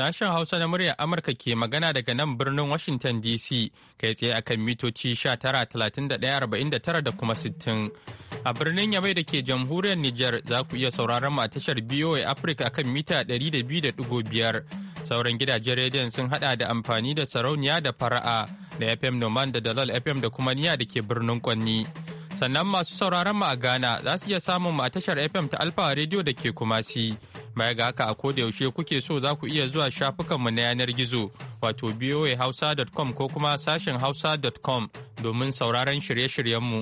Sashen Hausa na murya Amurka ke magana daga nan birnin Washington DC kai tsaye akan mitoci 19,31,49 da kuma 60. A birnin Yamai da ke jamhuriyar Nijar za ku iya sauraron mu a tashar BOA Africa akan mita 200.5. Sauran gidajen rediyon sun hada da amfani da sarauniya da fara'a da FM Noman da Dalal FM da kuma niya da ke birnin Kwanni. Sannan masu sauraron mu a Ghana za su iya samun mu a tashar FM ta Alfa Radio da ke Kumasi. Baya ga haka a koda yaushe kuke so za ku iya zuwa shafukanmu na yanar gizo wato boahausa.com ko kuma sashen hausa.com domin sauraron shirye-shiryenmu.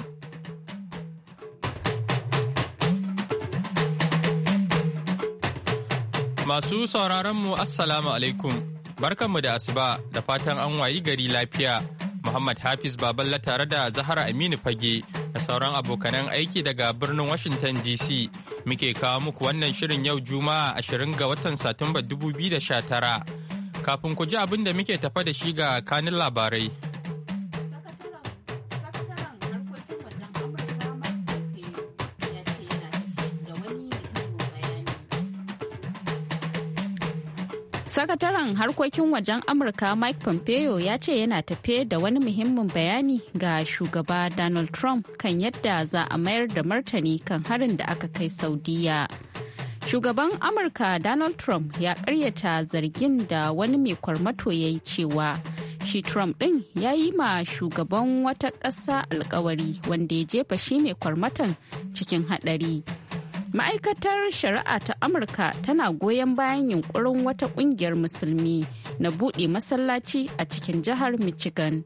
Masu mu Assalamu alaikum, barkanmu da asuba da fatan an wayi gari lafiya. Muhammad Hafiz Baballa tare da Zahara Aminu Fage da sauran abokanan aiki daga birnin Washington DC muke kawo muku wannan shirin yau Juma'a 20 ga watan Satumba 2019. Kafin ku ji abin da muke tafa da shi ga kanin labarai. Sakataren harkokin wajen Amurka Mike Pompeo ya ce yana tafe da wani muhimmin bayani ga shugaba Donald Trump kan yadda za a mayar da martani kan harin da aka kai Saudiya. Shugaban Amurka Donald Trump ya karyata zargin da wani mai kwarmato ya yi cewa shi Trump ɗin ya yi ma shugaban wata ƙasa alkawari wanda ya jefa shi mai kwarmatan cikin haɗari. ma'aikatar shari'a ta amurka tana goyon bayan yunkurin wata kungiyar musulmi na buɗe masallaci a cikin jihar michigan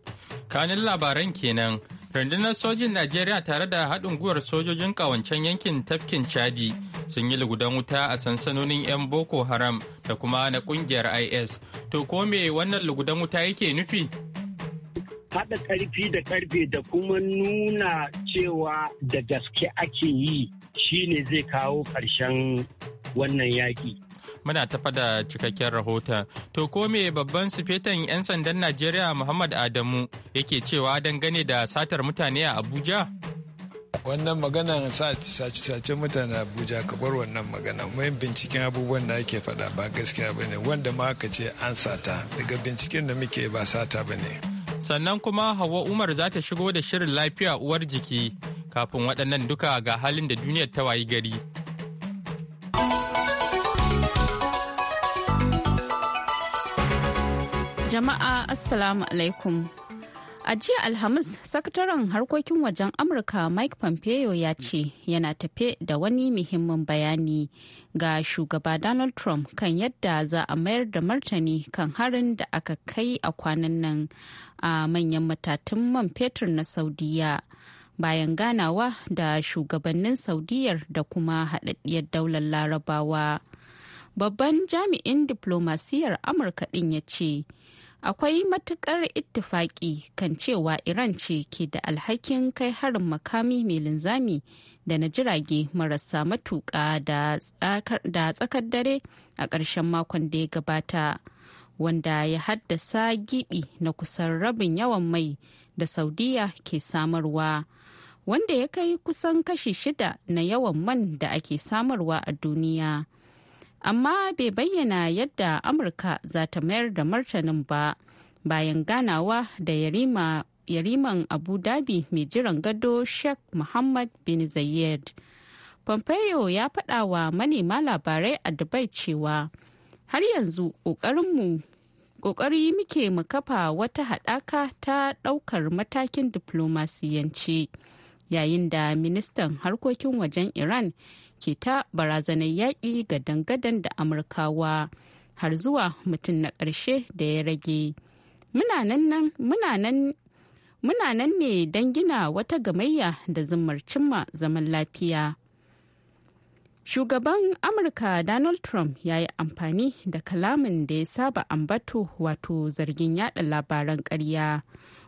kanin labaran kenan rundunar sojin najeriya tare da haɗin gwiwar sojojin ƙawancen yankin tafkin chadi sun yi lugudan wuta a sansanonin 'yan boko haram da kuma na kungiyar is to ko me wannan lugudan wuta yake nufi haɗa ƙarfi da ƙarfe da kuma nuna cewa da gaske ake yi shi ne zai kawo ƙarshen wannan yaƙi. Muna tafa da cikakken rahoton. To ko me babban sufetan 'yan sandan Najeriya Muhammad Adamu yake cewa dangane da satar mutane a Abuja? wannan a sace-sace mutane abuja ka bar wannan magana mai binciken abubuwan da ake faɗa ba gaskiya ba ne wanda ma aka ce an sata daga binciken da muke ba sata ba ne sannan kuma hawa umar za ta shigo da shirin lafiya uwar jiki kafin waɗannan duka ga halin da duniyar ta wayi gari jama'a assalamu alaikum A jiya Alhamis, sakataren harkokin wajen Amurka Mike Pompeo ya ce yana tafe da wani muhimmin bayani ga shugaba Donald Trump kan yadda za a mayar da martani kan harin da aka kai a kwanan nan a manyan matatun man fetur na Saudiya. Bayan ganawa da shugabannin Saudiyar da kuma haɗaɗɗiyar daular Larabawa. Babban jami'in diplomasiyar Amurka ɗin ya ce. akwai matukar ittifaki kan cewa iran ce ke da alhakin kai harin makami mai linzami da na jirage marasa matuƙa da tsakar dare a ƙarshen makon da ya gabata wanda ya haddasa gibi na kusan rabin yawan mai da saudiya ke samarwa wanda ya kai kusan kashi shida na yawan man da ake samarwa a duniya. amma bai bayyana yadda amurka za ta mayar da martanin ba bayan ganawa da yarima yariman abu dhabi mai jiran gado sheikh muhammad bin zayed pompeo ya faɗa wa manema labarai a dubai cewa har yanzu ƙoƙarinmu ƙoƙari muke mu kafa wata haɗaka ta ɗaukar matakin diplomasiyanci yayin da ministan harkokin wajen iran ke ta barazanar yaƙi ga dangadan da amurkawa har zuwa mutum na ƙarshe da ya rage muna nan ne don gina wata gamayya da zimmar cimma zaman lafiya shugaban amurka donald trump ya yi amfani da kalamin da ya saba ambato wato zargin yada labaran karya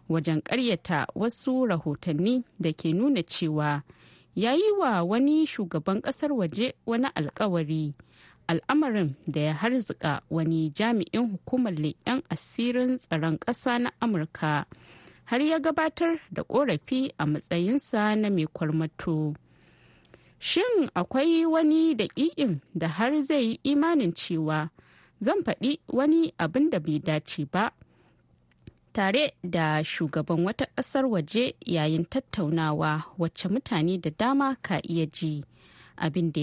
wajen karyata wasu rahotanni da ke nuna cewa ya yi wa wani shugaban kasar waje wani alkawari al'amarin da ya harzika wani jami'in hukumar leƙen asirin tsaron ƙasa na amurka har ya gabatar da ƙorafi a matsayinsa na mai kwarmato shin akwai wani daƙiƙin da har zai yi imanin cewa zan faɗi wani abin da bai dace ba tare da shugaban wata ƙasar waje yayin tattaunawa wacce mutane da dama ka iya ji abin da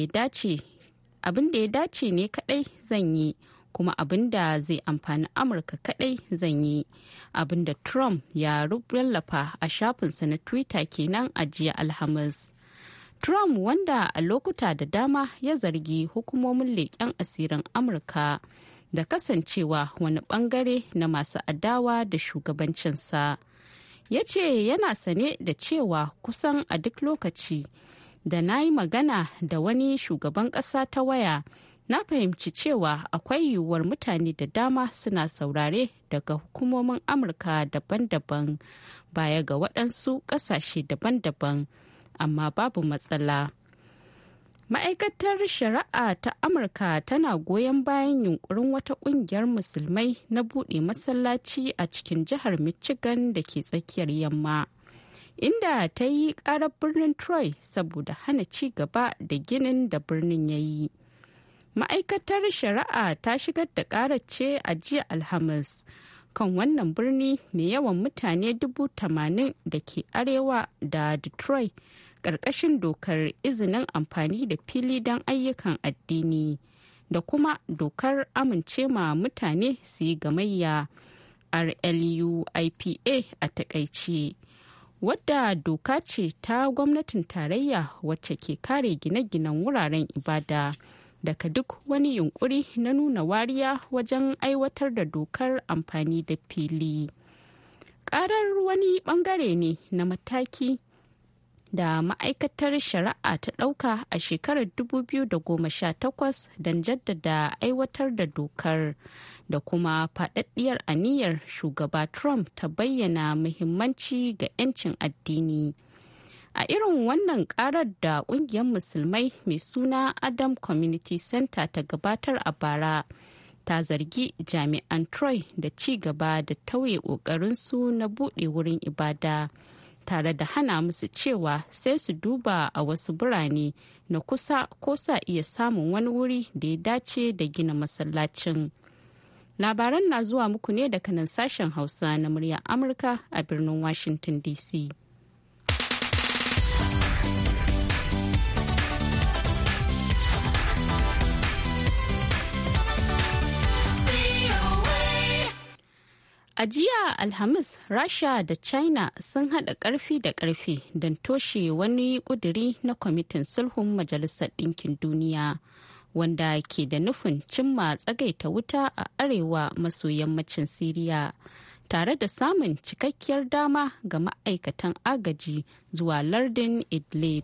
ya dace ne kadai zan yi kuma abin da zai amfani amurka kadai zan yi abin da trump ya rubrallafa a shafinsa na twitter kenan a jiya alhamis trump wanda a lokuta da dama ya zargi hukumomin leƙen asirin amurka da kasancewa wani bangare na masu adawa da shugabancinsa ya ce yana sane da cewa kusan a duk lokaci da na yi magana da wani shugaban ƙasa ta waya na fahimci cewa akwai yiwuwar mutane da dama suna saurare daga hukumomin amurka daban-daban baya ga waɗansu ƙasashe daban-daban amma babu matsala Ma'aikatar Shari'a ta Amurka tana goyon bayan yunkurin wata ƙungiyar musulmai na buɗe masallaci a cikin jihar Michigan da ke tsakiyar yamma. Inda ta yi ƙarar birnin Troy saboda hana ci gaba da ginin da birnin ya yi. Ma'aikatar Shari'a ta shigar da ƙarar ce a jiya Alhamis kan wannan birni mai yawan mutane dubu da ke arewa da Detroit. ƙarƙashin dokar izinin amfani da fili don ayyukan addini da kuma dokar amince ma mutane su yi gamayya rluipa a takaice wadda doka ce ta gwamnatin tarayya wacce ke kare gine-ginen wuraren ibada daga duk wani yunkuri na nuna wariya wajen aiwatar da dokar amfani da fili. karar wani bangare ne na mataki da ma'aikatar shari'a ta ɗauka a shekarar 2018 don jaddada aiwatar da dokar da kuma faɗaɗɗiyar aniyar shugaba trump ta bayyana muhimmanci ga 'yancin addini a irin wannan karar da ƙungiyar musulmai mai suna adam community center ta gabatar a bara ta zargi jami'an troy da ci gaba da tauye ƙoƙarinsu na buɗe wurin ibada. tare da hana musu cewa sai su duba a wasu birane na kusa ko sa iya samun wani wuri da ya dace da gina masallacin. Labaran na zuwa muku ne daga nan sashen Hausa na muryar Amurka a birnin Washington DC. A jiya Alhamis, Rasha da China sun haɗa ƙarfi da ƙarfi don toshe wani ƙuduri na kwamitin sulhun Majalisar Ɗinkin Duniya, wanda ke da nufin cimma tsagaita wuta a arewa maso yammacin Siriya, tare da samun cikakkiyar dama ga ma'aikatan agaji zuwa lardin Idlib.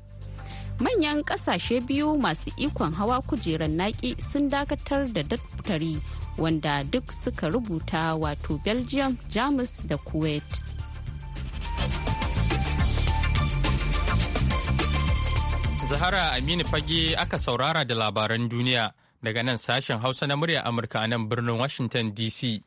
manyan ƙasashe biyu masu ikon hawa kujerar naki sun dakatar da daftari wanda duk suka rubuta wato belgium jamus da kuwait zahara aminu fage aka saurara da labaran duniya daga nan sashen hausa na murya amurka a nan birnin washington dc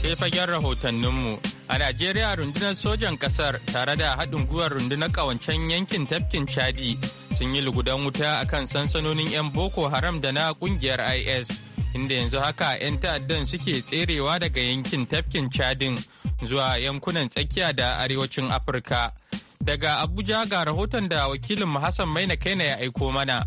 sai fagen rahotanninmu A Najeriya rundunar sojan ƙasar tare da haɗin gwiwar rundunar ƙawancen yankin tafkin Chadi sun yi lugudan wuta a kan sansanonin 'yan Boko Haram da na ƙungiyar IS, inda yanzu haka 'yan ta'addan suke tserewa daga yankin tafkin Chadin zuwa yankunan tsakiya da arewacin Afirka. Daga Abuja ga rahoton da wakilin mu Hassan Maina Kaina ya aiko mana.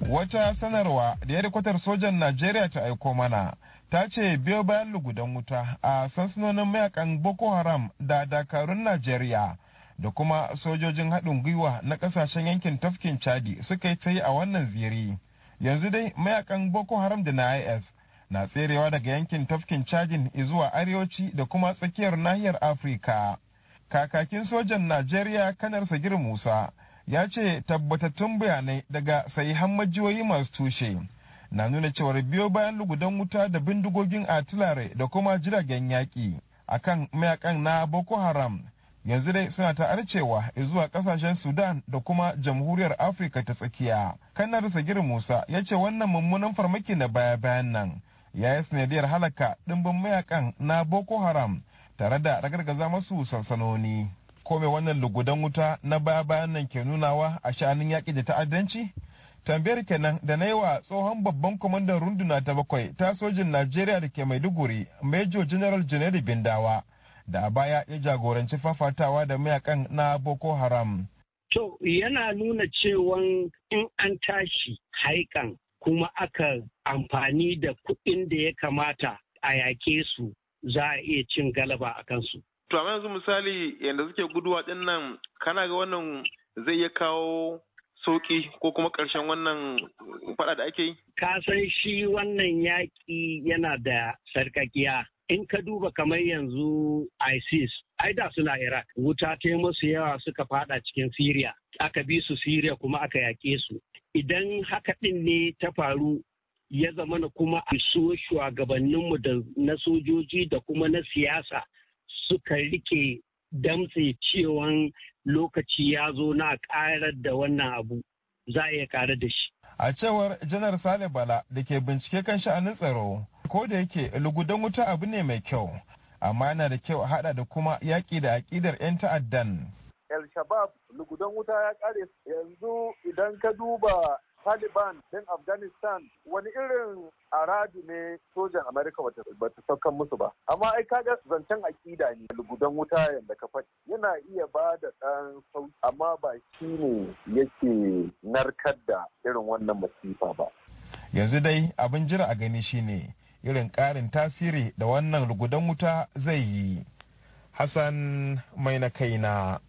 Wata sanarwa da ya sojan Najeriya ta aiko mana. ta ce biyo bayan lugudan wuta a sansanonin mayakan boko haram da dakarun najeriya da kuma sojojin haɗin gwiwa na ƙasashen yankin tafkin chadi suka yi ta yi a wannan ziri yanzu dai mayakan boko haram da na is na tserewa daga yankin tafkin chadin zuwa arewaci da kuma tsakiyar nahiyar afirka kakakin sojan najeriya kanar sagir musa ya ce tabbatattun bayanai daga sahihan majiyoyi masu tushe na nuna cewar biyo bayan lugudan wuta da bindigogin atilare da kuma jiragen yaƙi kan mayakan na boko haram yanzu dai suna ta arcewa zuwa kasashen sudan da kuma jamhuriyar afirka ta tsakiya kanar sagir musa ya ce wannan mummunan farmaki na baya bayan nan ya yi sanadiyar halaka ɗimbin mayakan na boko haram tare da ragargaza masu sansanoni ko mai wannan lugudan wuta na baya bayan nan ke nunawa a sha'anin yaƙi da ta'addanci tambayar kenan da na yi wa tsohon babban kwamandan runduna ta bakwai ta sojin najeriya da ke maiduguri major general janeri bindawa da a baya ya jagoranci fafatawa da mayakan na boko haram to yana nuna cewan in an tashi haikan kuma aka amfani da kuɗin da ya kamata a yake su za a iya cin galaba a kansu to amma yanzu misali yadda suke guduwa din nan kana ga wannan zai iya kawo sauki ko kuma ƙarshen wannan faɗa da ake yi? Ka san shi wannan yaƙi yana da sarkakiya. In ka duba kamar yanzu ISIS, ai da suna Iraq, wuta ta musu yawa suka fada cikin Syria, aka bi su Syria kuma aka yaƙe su. Idan haka ɗin ne ta faru ya zama na kuma a so shugabanninmu da na sojoji da kuma na siyasa suka rike damtse cewan lokaci ya zo na karar da wannan abu za a iya karar da shi. A cewar Janar Sale Bala da ke bincike kan sha'anin tsaro, ko da yake lugudan wuta abu ne mai kyau, amma yana da kyau a haɗa da kuma yaƙi da aƙidar 'yan ta'addan. El Shabab lugudan wuta ya ƙare yanzu idan ka duba Taliban din Afghanistan wani irin aradu ne sojan Amerika ba ta saukan musu ba. Amma ai kaga zancen akida ne lugudan wuta yadda ka faɗi yana iya ba da ɗan sauki amma ba shi ne yake narkar da irin wannan masifa ba. Yanzu dai abin jira a gani shine irin ƙarin tasiri da wannan lugudan wuta zai yi. Hassan mai na kai na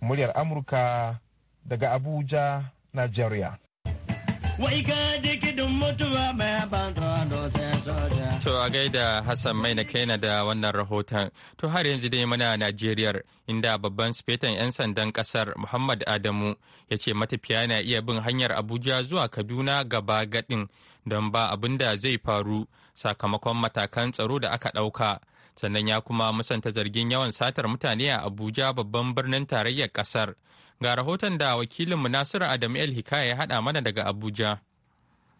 muryar Amurka daga Abuja, Najeriya. wai ka dikidin mutuwa mai sai soja. To a gaida Hassan mai na kaina da wannan rahoton. To har yanzu dai muna Najeriya inda babban sifetan 'yan sandan kasar Muhammad Adamu ya ce matafiya na iya bin hanyar Abuja zuwa Kaduna gaba gadin don ba abin da zai faru sakamakon matakan tsaro da aka ɗauka. Sannan ya kuma musanta zargin yawan satar mutane a Abuja babban birnin tarayyar ƙasar. Ga rahoton da wakilinmu Nasiru Adamu El Hikaya ya haɗa mana daga Abuja.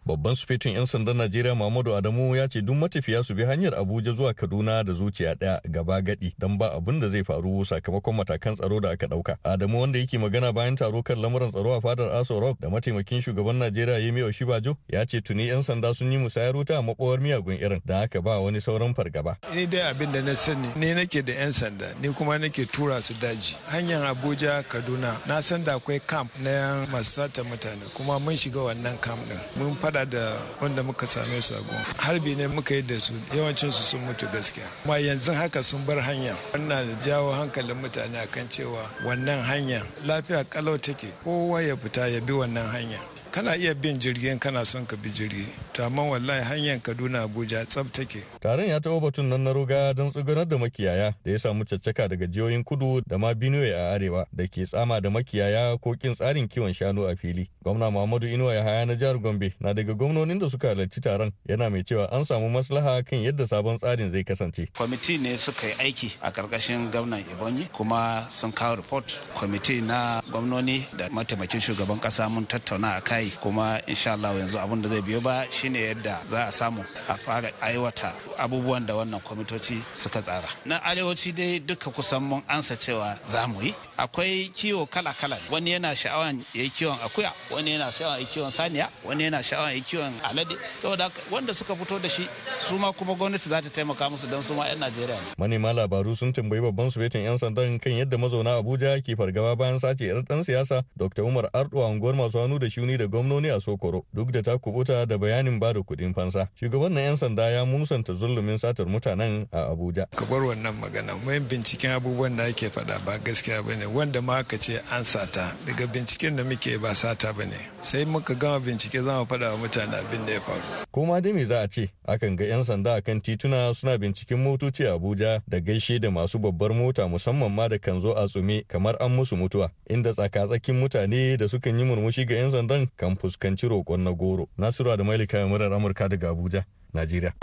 Babban sufetin 'yan sandan Najeriya Muhammadu Adamu ya ce duk matafiya su bi hanyar Abuja zuwa Kaduna da zuciya ɗaya gaba gadi don ba abin da zai faru sakamakon matakan tsaro da aka dauka Adamu wanda yake magana bayan taro kan lamuran tsaro a fadar Aso Rock da mataimakin shugaban Najeriya Yemi Oshibajo ya ce tuni 'yan sanda sun yi musayar wuta a makowar miyagun irin da aka ba wani sauran fargaba. Ni dai abin da na sani ni nake da 'yan sanda ni kuma nake tura su daji. Hanyar Abuja Kaduna na san da akwai camp na masu sata mutane kuma mun shiga wannan camp ɗin. Mun faɗa da wanda muka same su a gun harbi ne muka yi da su yawancin su sun mutu gaskiya kuma yanzu haka sun bar hanya wannan jawo hankalin mutane akan cewa wannan hanya lafiya kalau take kowa ya fita ya bi wannan hanya kana iya bin jirgin kana son ka bi jirgi to amma wallahi hanyar kaduna abuja tsab take taron ya taɓa batun nan na roga don tsugunar da makiyaya da ya samu caccaka daga jihohin kudu da ma benue a arewa da ke tsama da makiyaya ko kin tsarin kiwon shanu a fili gwamna muhammadu inuwa ya haya na jihar gombe na daga gwamnonin da suka halarci taron yana mai cewa an samu maslaha kan yadda sabon tsarin zai kasance kwamiti ne suka yi aiki a ƙarƙashin gwamnan ibonyi kuma sun kawo report kwamiti na gwamnoni da mataimakin shugaban ƙasa mun tattauna a kai kuma insha Allah yanzu abin da zai biyo ba shi shine yadda za a samu a fara aiwata abubuwan da wannan kwamitoci suka tsara na arewaci dai duka kusan mun ansa cewa za mu yi akwai kiwo kala-kala wani yana sha'awan ya yi kiwon akuya wani yana sha'awan ya yi kiwon saniya wani yana sha'awan ya yi kiwon alade saboda wanda suka fito da shi su ma kuma gwamnati za ta taimaka musu don su ma 'yan najeriya ne manema labaru sun tambayi babban sufetin 'yan sandan kan yadda mazauna abuja ke fargaba bayan sace 'yar dan siyasa dr umar arduwa anguwar masu hannu da shuni da gwamnoni a sokoro duk da ta kubuta da bayanin bada ba da kuɗin fansa. Shugaban na 'yan sanda ya musanta zulumin satar mutanen a Abuja. Ka bar wannan magana, mai binciken abubuwan da ake faɗa ba gaskiya bane wanda ma aka ce an sata daga binciken da muke ba sata bane sai muka gama bincike za mu faɗa wa mutane abin da ya faru. ma dai me za a ce akan ga 'yan sanda akan tituna suna binciken motoci a Abuja da gaishe da masu babbar mota musamman ma da kan zo a tsume kamar an musu mutuwa inda tsaka-tsakin mutane da sukan yi murmushi ga 'yan sandan kan fuskanci roƙon na goro. Nasiru da Malika murar Amurka daga Abuja, Najeriya.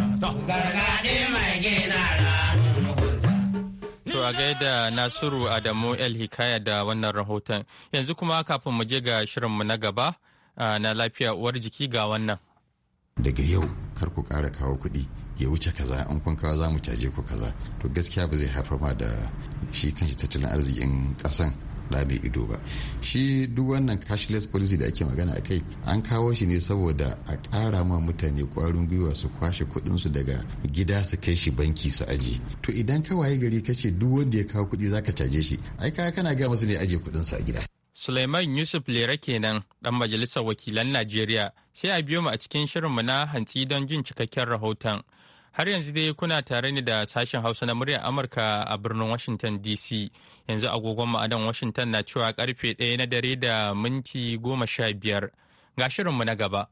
To a gaida Nasiru Adamu El Hikaya da wannan rahoton. Yanzu kuma kafin mu je ga shirinmu na gaba na lafiya uwar jiki ga wannan. Daga yau kar ku ƙara kawo kuɗi ya wuce kaza an kun kawo za mu caje ku kaza to gaskiya ba zai haifar ma da shi kanshi tattalin arzikin kasan da bai ido ba shi duk wannan cashless policy da ake magana a kai an kawo shi ne saboda a kara ma mutane ƙwarin gwiwa su kwashe kuɗinsu daga gida su kai shi banki su aji to idan ka waye gari ka ce duk wanda ya kawo kuɗi zaka caje shi ai ka kana gaya masu ne aje kuɗinsu a gida Suleiman Yusuf Lera kenan ɗan majalisar wakilan Najeriya sai a biyo mu a cikin shirinmu na hantsi don jin cikakken rahoton. Har yanzu dai kuna tare ne da sashen Hausa na muryar Amurka a birnin Washington DC. Yanzu agogon ma'adan Washington na cewa karfe ɗaya na dare da minti goma sha biyar. Ga shirinmu na gaba.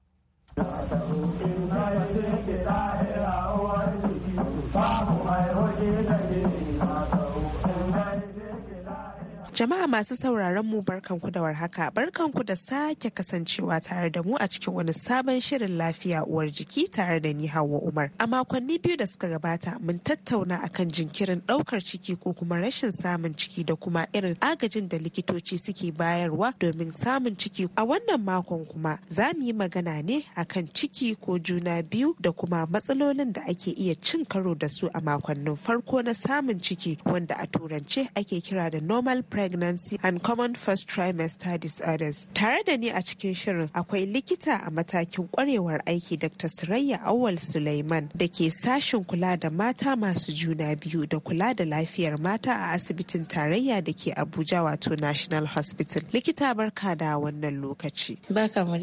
Jama'a masu sauraron mu barkanku da warhaka barkanku da sake kasancewa tare da mu a cikin wani sabon shirin lafiya uwar jiki tare da ni Hauwa Umar. A makonni biyu da suka gabata mun tattauna akan jinkirin ɗaukar ciki ko kuma rashin samun ciki da kuma irin agajin da likitoci suke bayarwa domin samun ciki. A wannan makon kuma za mu yi magana ne akan ciki ko juna biyu da kuma matsalolin da ake iya cin karo da su a makonnin farko na samun ciki wanda a turance ake kira da normal pregnancy pregnancy and common first trimester disorders. Tare da ni a cikin shirin akwai likita a matakin kwarewar aiki Dr. Surayya Awal Sulaiman da ke sashen kula da mata masu juna biyu da kula da lafiyar mata a asibitin tarayya da ke Abuja wato National Hospital. Likita barka da wannan lokaci. Barka mu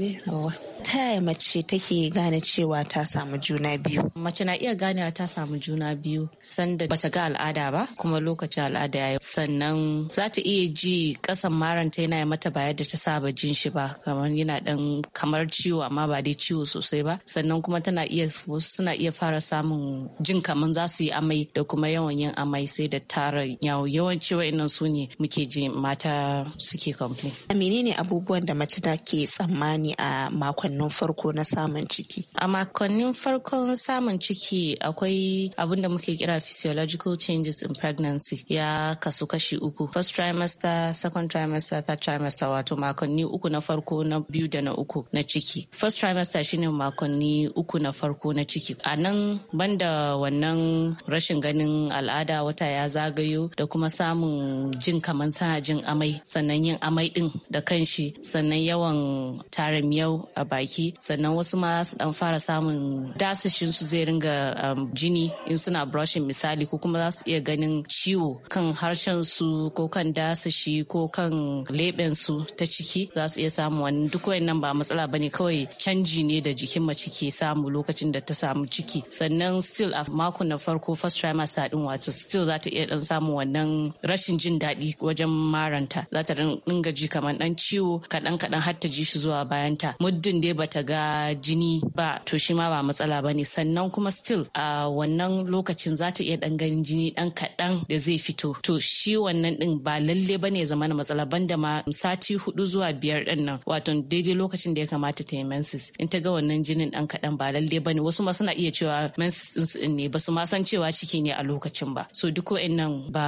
Ta yaya mace take gane cewa ta samu juna biyu? Mace na iya ganewa ta samu juna biyu sanda bata ga al'ada ba kuma lokacin al'ada ya yi. sannan za ta iya ji kasan maranta yana mata ba yadda ta saba jin shi ba kamar yana dan kamar ciwo amma ba dai ciwo sosai ba sannan kuma tana iya suna iya fara samun jin kamar za su yi amai da kuma yawan yin amai sai da tara yawo yawanci wa'annan su ne muke ji mata suke complain. menene abubuwan da mace da ke tsammani a makonnin farko na samun ciki? A makonnin farkon samun ciki akwai abin da muke kira physiological changes in pregnancy ya kasu kashi uku. First trimester trimester, second trimester, third trimester wato makonni uku na farko na biyu da na uku na ciki. First trimester shine makonni uku na farko na ciki. A nan banda wannan rashin ganin al'ada wata ya zagayo da kuma samun jin kamar sana jin amai sannan yin amai din da kanshi sannan yawan tara miyau a baki sannan wasu ma su dan fara samun dasashin su zai ringa um, jini in suna brushing misali ko kuma za su iya ganin ciwo kan harshen su ko kan da su shi ko kan leɓen su ta ciki za su iya samu wannan duk wayannan ba matsala bane kawai canji ne da jikin mace ke samu lokacin da ta samu ciki sannan still a mako na farko first trimester din wato still za ta iya dan samu wannan rashin jin daɗi wajen maranta za ta dinga ji kamar dan ciwo kadan kadan har ta ji shi zuwa bayanta muddin dai bata ga jini ba to shi ma ba matsala bane sannan kuma still a wannan lokacin za ta iya dan ganin jini dan kadan da zai fito to shi wannan din ba lalle lalle ba ne zama na matsala banda ma sati hudu zuwa biyar din nan wato daidai lokacin da ya kamata ta yi menses in ta ga wannan jinin dan kadan ba lalle ba ne wasu ma suna iya cewa menses din ne ba su ma san cewa ciki ne a lokacin ba so duk nan ba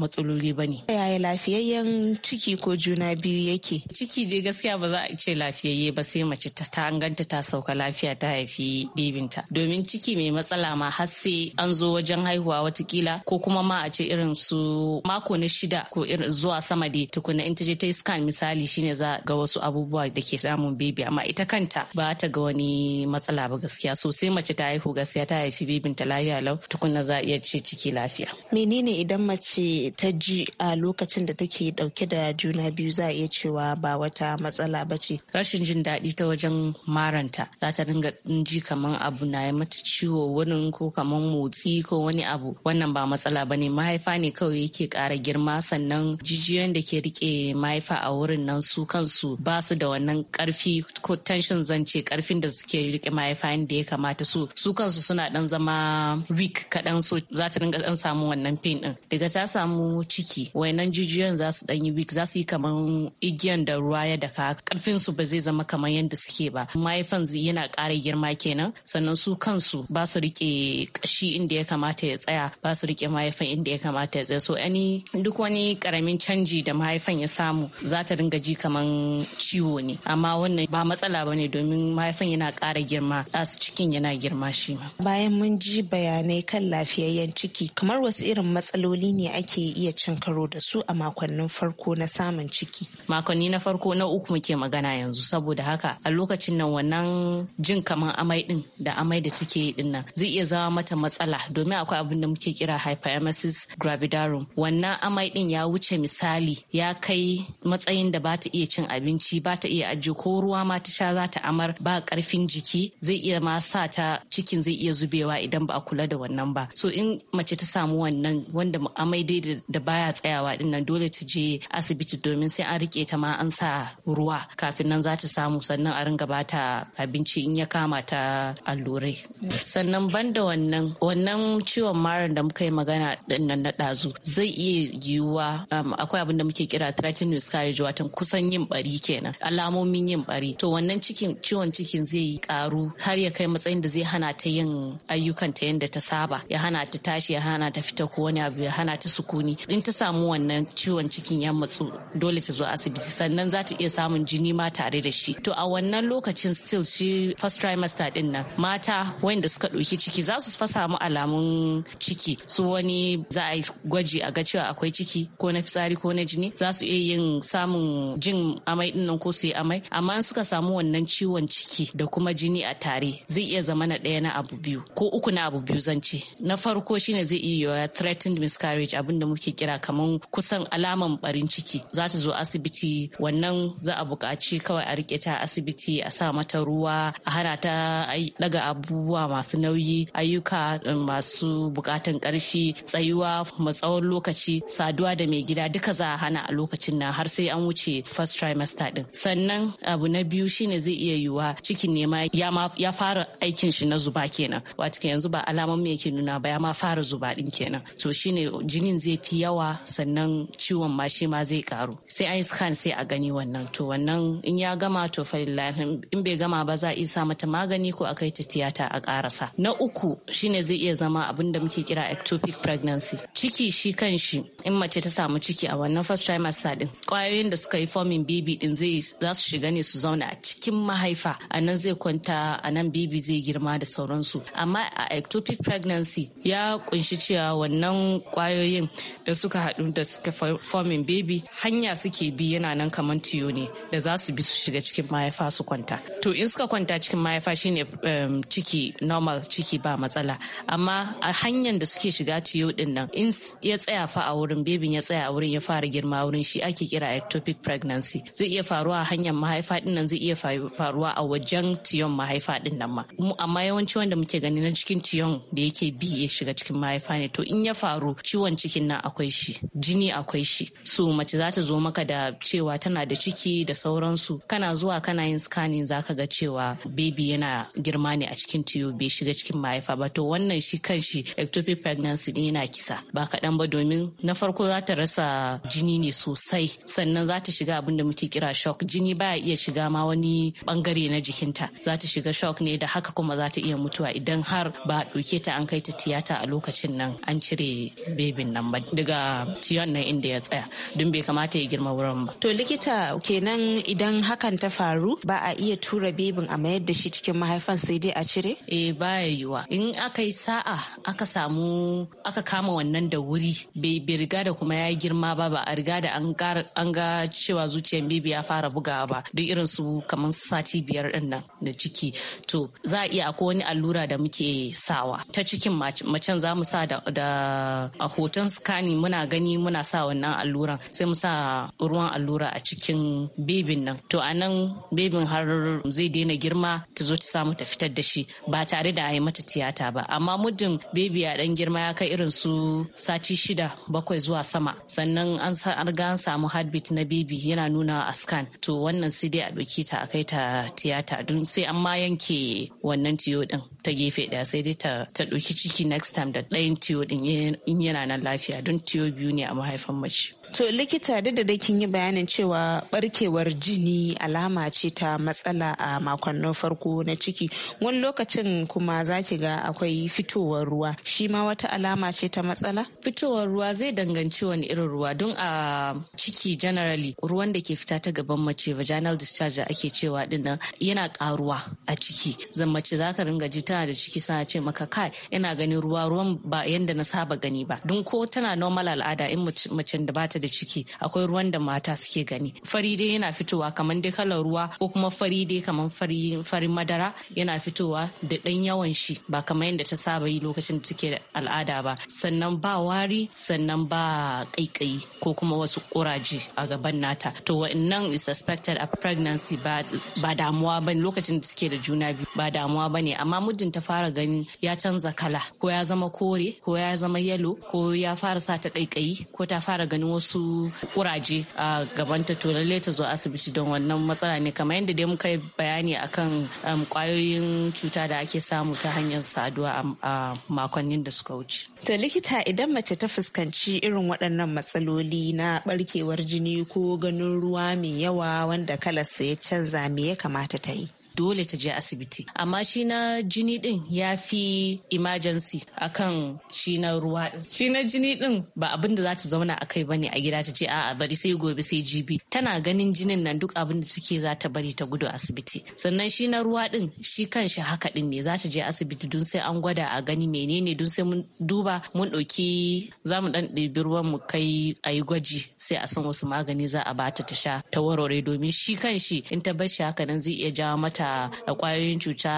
matsaloli ba ne. Yaya lafiyayyen ciki ko juna biyu yake? Ciki dai gaskiya ba za a ce lafiyayye ba sai mace ta ta ganta ta sauka lafiya ta haifi bebinta domin ciki mai matsala ma har sai an zo wajen haihuwa watakila ko kuma ma a ce irin su mako na shida ko zuwa sama da tukuna in ta je ta scan misali shine za ga wasu abubuwa da ke samun bebi amma ita kanta ba ta ga wani matsala ba gaskiya sosai mace ta haihu gaskiya ta haifi bebin ta lafiya lau tukuna za iya ce ciki lafiya. Menene idan mace ta ji a lokacin da take dauke da juna biyu za iya cewa ba wata matsala ba ce. Rashin jin daɗi ta wajen maranta za ta dinga ji kamar abu na ya mata ciwo wurin ko kamar motsi ko wani abu wannan ba matsala ba ne mahaifa ne kawai yake ƙara girma sannan jijiyoyin da ke rike mahaifa a wurin nan su kansu ba su da wannan karfi ko tension zance karfin da suke rike mahaifa yadda ya kamata su su kansu suna dan zama weak kadan so za ta dinga dan samu wannan pain din daga ta samu ciki wayannan jijiyoyin za su dan yi weak za su yi kaman igiyan da ruwa ya daka karfin su ba zai zama kaman yadda suke ba mahaifan yana ƙara girma kenan sannan su kansu ba su rike kashi inda ya kamata ya tsaya ba su rike mahaifan inda ya kamata ya tsaya so any duk wani karamin canji da mahaifan ya samu za ta dinga ji kaman ciwo ne amma wannan ba matsala ba ne domin mahaifan yana kara girma ɗasu cikin yana girma shi ma. Bayan mun ji bayanai kan lafiyayyen ciki kamar wasu irin matsaloli ne ake iya cin karo da su a makonnin farko na samun ciki. Makonni na farko na uku muke magana yanzu saboda haka a lokacin nan wannan jin kaman amai din da amai da take yi din nan zai iya zama mata matsala domin akwai abin da muke kira hyperemesis gravidarum wannan amai din ya wuce wuce misali ya kai matsayin da ba ta iya cin abinci ba ta iya ajiye ko ruwa ma ta sha za ta amar ba karfin jiki zai iya ma sa ta cikin zai iya zubewa idan ba a kula da wannan ba so in mace ta samu wannan wanda amai dai da baya tsayawa din nan dole ta je asibiti domin sai an rike ta ma an sa ruwa kafin nan za ta samu sannan a ringa ba ta abinci in ya kama ta allurai sannan banda wannan wannan ciwon maran da muka yi magana din nan na dazu zai iya yiwuwa Um, akwai abin da muke kira threatened miscarriage watan kusan yin bari kenan alamomin yin bari to wannan cikin ciwon cikin zai yi karu har ya kai matsayin da zai hana ta yin ayyukan ta yadda ta saba ya hana ta tashi ya hana ta fita ko wani abu ya hana ta sukuni in ta samu wannan ciwon cikin ya matsu dole ta zo asibiti sannan za ta iya samun jini ma tare da shi to a wannan lokacin still shi first trimester din nan mata wanda suka ɗauki ciki za su fa samu alamun ciki su wani za a yi gwaji a ga cewa akwai ciki ko na fitsari ko na jini za su iya yin samun jin amai dinnan ko su yi amai amma in suka samu wannan ciwon ciki da kuma jini a tare zai iya zama na ɗaya na abu biyu ko uku na abu biyu zan ce na farko shine zai iya yiwa threatened miscarriage abin da muke kira kaman kusan alaman barin ciki za ta zo asibiti wannan za a buƙaci kawai a rike ta asibiti a sa mata ruwa a hana ta daga abubuwa masu nauyi ayyuka um, masu buƙatan ƙarfi tsayuwa matsawon lokaci saduwa da mai gida duka za a hana a lokacin nan har sai an wuce first trimester din sannan abu na biyu shine zai iya yiwuwa cikin nema ya fara aikin shi na zuba kenan watakan yanzu ba alaman me yake nuna ba ya ma fara zuba din kenan to shine jinin zai fi yawa sannan ciwon ma shi ma zai karu sai an scan sai a gani wannan to wannan in ya gama to falilahin in bai gama ba za a isa mata magani ko a kai ta tiyata a karasa na uku shine zai iya zama abin da muke kira ectopic pregnancy ciki shi kan shi in mace ta samu ciki a wannan first trimester din kwayoyin da suka yi formin baby din zai za su shiga ne su zauna a cikin mahaifa a nan zai kwanta a nan baby zai girma da sauransu amma a ectopic pregnancy ya kunshi cewa wannan kwayoyin da suka haɗu da suka forming baby hanya suke bi yana nan kamar tiyo ne da za su bi su shiga cikin mahaifa su kwanta to in suka kwanta cikin mahaifa shine um, ciki normal ciki ba matsala amma a hanyar da suke shiga tiyo din nan in ya tsaya fa a wurin bebin ya tsaya a wurin ya fara girma wurin shi ake kira ectopic pregnancy zai iya faruwa a hanyar mahaifa din nan zai iya faruwa a wajen tiyon mahaifa din nan ma amma yawanci wanda muke gani na cikin tiyon da yake bi ya shiga cikin mahaifa ne to in ya faru ciwon cikin nan akwai shi jini akwai shi so mace za ta zo maka da cewa tana da ciki da sauransu kana zuwa kana yin scanning zaka ga cewa baby yana girma ne a cikin tiyo bai shiga cikin mahaifa ba to wannan shi kanshi shi ectopic pregnancy din yana kisa ba kaɗan ba domin na farko za ta rasa rasa jini ne sosai sannan za ta shiga abin da muke kira shock jini baya iya shiga ma wani bangare na jikinta za ta shiga shock ne da haka kuma za ta iya mutuwa idan har ba ɗauke ta an kai ta tiyata a lokacin nan an cire bebin nan ba daga tiyon nan inda ya tsaya don bai kamata ya girma wurin ba. To likita kenan idan hakan ta faru ba a iya tura bebin a mayar da shi cikin mahaifan sai dai a cire? Eh baya yiwa in aka yi sa'a aka samu aka kama wannan da wuri bai riga da kuma ya girma ba ba a riga da an ga cewa zuciyar bibi ya fara bugawa ba duk irin su kamar sati biyar din nan da ciki to za a iya akwai wani allura da muke sawa ta cikin macen za mu sa da a hoton skani muna gani muna sa wannan alluran sai mu sa ruwan allura a cikin bebin nan to a nan bebin har zai daina girma ta zo ta samu ta fitar da shi ba tare da a yi mata tiyata ba amma muddin bebi a dan girma ya kai irin su sati shida bakwai zuwa sama sannan an riga an samu heartbeat na baby yana nuna a scan to wannan sai dai a ɗauki ta a kai ta tiyata don sai an ma yanke wannan tiyo din ta gefe ɗaya sai dai ta ɗauki ciki next time da ɗayan tiyo din in yana nan lafiya don tiyo biyu ne a mahaifan mace. To likita duk da dai kin yi bayanin cewa barkewar jini alama ce ta matsala a makonnin farko na ciki wani lokacin kuma za ki ga akwai fitowar ruwa shi ma wata alama ce ta matsala? Fitowar ruwa zai danganci wani irin ruwa don a ciki generally ruwan da ke fita ta gaban mace vaginal discharge ake cewa dinnan yana karuwa a ciki zan mace za ka ringa ji tana da ciki sana ce maka kai yana ganin ruwa ruwan ba yanda na saba gani ba don ko tana normal al'ada in macen da ta. da ciki akwai ruwan da mata suke gani fari dai yana fitowa kamar dai kalar ruwa ko kuma fari dai kamar farin madara yana fitowa da ɗan yawan shi ba kamar yadda ta saba yi lokacin da take al'ada ba sannan ba wari sannan ba kaikayi ko kuma wasu kuraje a gaban nata to wa'annan is suspected a pregnancy ba damuwa ba lokacin da suke da juna biyu ba damuwa bane amma muddin ta fara gani ya canza kala ko ya zama kore ko ya zama yalo ko ya fara sa ta kaikayi ko ta fara ganin wasu wasu kuraje a gabanta to lallai ta zo asibiti don wannan matsala ne kamar yadda dai muka yi bayani akan um, kwayoyin cuta da ake samu ta hanyar saduwa a makonnin da suka wuce. ta likita idan mace ta fuskanci irin waɗannan matsaloli na ɓarkewar jini ko ganin ruwa mai yawa wanda kalarsa ya canza me ya kamata ta yi? dole ta je asibiti amma shi na jini din ya fi emergency akan shi na ruwa din shi na jini din ba abin da za ta zauna a kai ne a gida ta ce a'a bari sai gobe sai jibi tana ganin jinin nan duk abin da take za ta bari ta gudu asibiti sannan shi na ruwa din shi kanshi haka din ne za ta je asibiti dun sai an gwada a gani menene dun sai mun duba mun ɗauki za mu dan ɗebi ruwan mu kai a yi gwaji sai a san wasu magani za a bata ta sha ta warware domin shi kanshi in ta bar shi haka nan zai iya jawo mata a kwayoyin cuta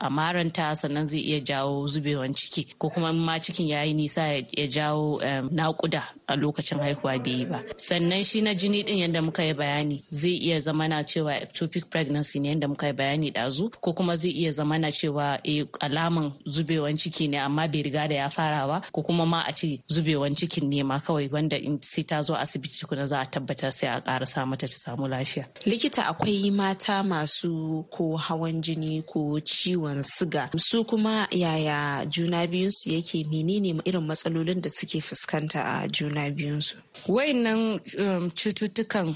a maranta sannan zai iya jawo zubewan ciki ko kuma ma cikin ya yi nisa ya jawo naƙuda a lokacin haihuwa bai yi ba sannan shi na jini din yadda muka yi bayani zai iya zama na cewa ectopic pregnancy ne yadda muka yi bayani ɗazu ko kuma zai iya zama na cewa eh, alaman zubewan ciki ne amma bai riga da ya farawa ko kuma ma a ce zubewan cikin ne ma kawai wanda in sai ta zo asibiti kuna za a tabbatar sai a ƙara sa mata ta samu lafiya likita akwai mata masu ko hawan jini ko ciwon siga su kuma yaya juna biyunsu yake menene irin matsalolin da suke fuskanta a juna biyunsu wayannan um, cututtukan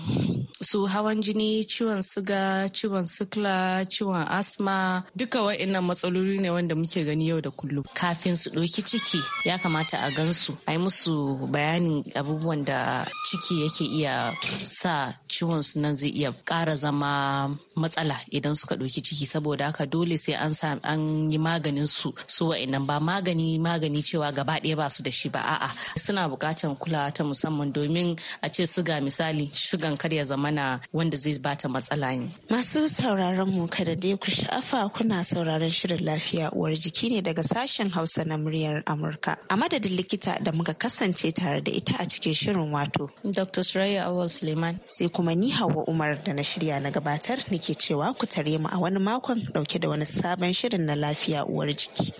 su hawan jini ciwon siga ciwon sikla ciwon asma duka wayannan matsaloli ne wanda muke gani yau da kullum kafin su ɗauki ciki ya kamata a gansu a yi musu bayanin abubuwan da ciki yake iya sa ciwon su nan zai iya ƙara zama matsala idan suka ɗauki ciki saboda haka dole sai an sa an yi maganin su su wa'annan ba magani magani cewa gaba ɗaya ba su da shi ba a'a suna buƙatar kulawa ta musamman domin a ce suga misali sugan kar ya zamana wanda zai bata matsala ne. Masu sauraron mu kada dai ku sha'afa kuna sauraron shirin lafiya uwar jiki ne daga sashen Hausa na muryar Amurka. A madadin likita da muka kasance tare da ita a cikin shirin wato. Dr. Suraya Awal Suleiman. Sai kuma ni Hauwa Umar da na shirya na gabatar nake cewa ku tare mu a wani makon dauke da wani sabon shirin na lafiya uwar jiki.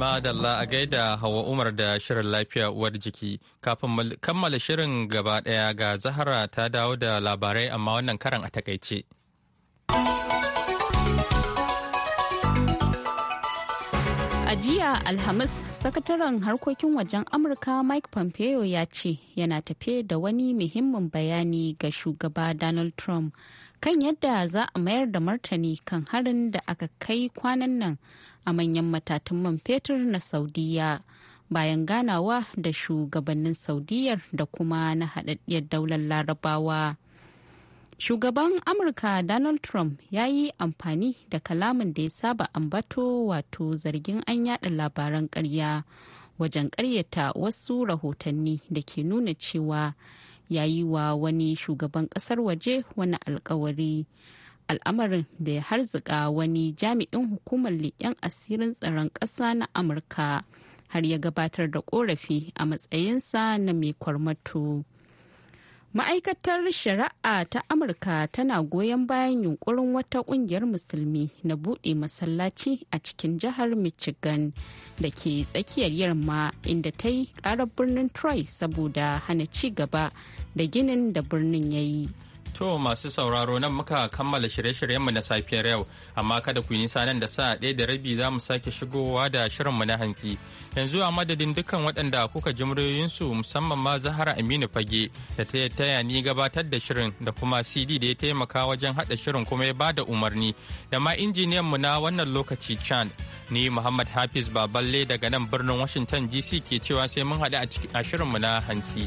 Madalla a gaida Hawa Umar da shirin lafiya uwar jiki. Kafin kammala shirin gaba ɗaya ga Zahara ta dawo da labarai amma wannan karan a takaice. A jiya Alhamis, sakataren harkokin wajen Amurka Mike Pompeo ya ce yana tafe da wani muhimmin bayani ga shugaba Donald Trump kan yadda za a mayar da martani kan harin da aka kai kwanan nan a manyan matatun man fetur na Saudiya bayan ganawa da shugabannin Saudiyar da kuma na haɗaɗɗiyar daular Larabawa. Shugaban Amurka Donald Trump ya yi amfani da kalamin da ya saba ambato wato zargin an yada labaran karya wajen karyata wasu rahotanni da ke nuna cewa ya yi wa wani shugaban kasar waje wani alkawari. Al'amarin da ya harzika wani jami'in hukumar leƙen asirin tsaron ƙasa na Amurka har ya gabatar da ƙorafi a matsayinsa na mai kwarmato. Ma'aikatar Shari'a ta Amurka tana goyon bayan yunkurin wata kungiyar musulmi na buɗe masallaci a cikin jihar Michigan da ke tsakiyar yamma inda ta yi ƙarar birnin Troy saboda hana ci gaba da ginin da birnin ya yi. To masu sauraro nan muka kammala shirye-shiryenmu na safiyar yau, amma kada ku yi nisa nan da sa'a ɗaya da rabi za mu sake shigowa da shirinmu na hantsi. Yanzu a madadin dukkan waɗanda kuka ji muryoyinsu musamman ma Zahara Aminu Fage da ta taya ni gabatar da shirin da kuma CD da ya taimaka wajen haɗa shirin kuma ya ba da umarni da ma injiniyanmu na wannan lokaci Chan. Ni Muhammad Hafiz Baballe daga nan birnin Washington DC ke cewa sai mun haɗu a shirinmu na hantsi.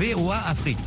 VOA Afrique.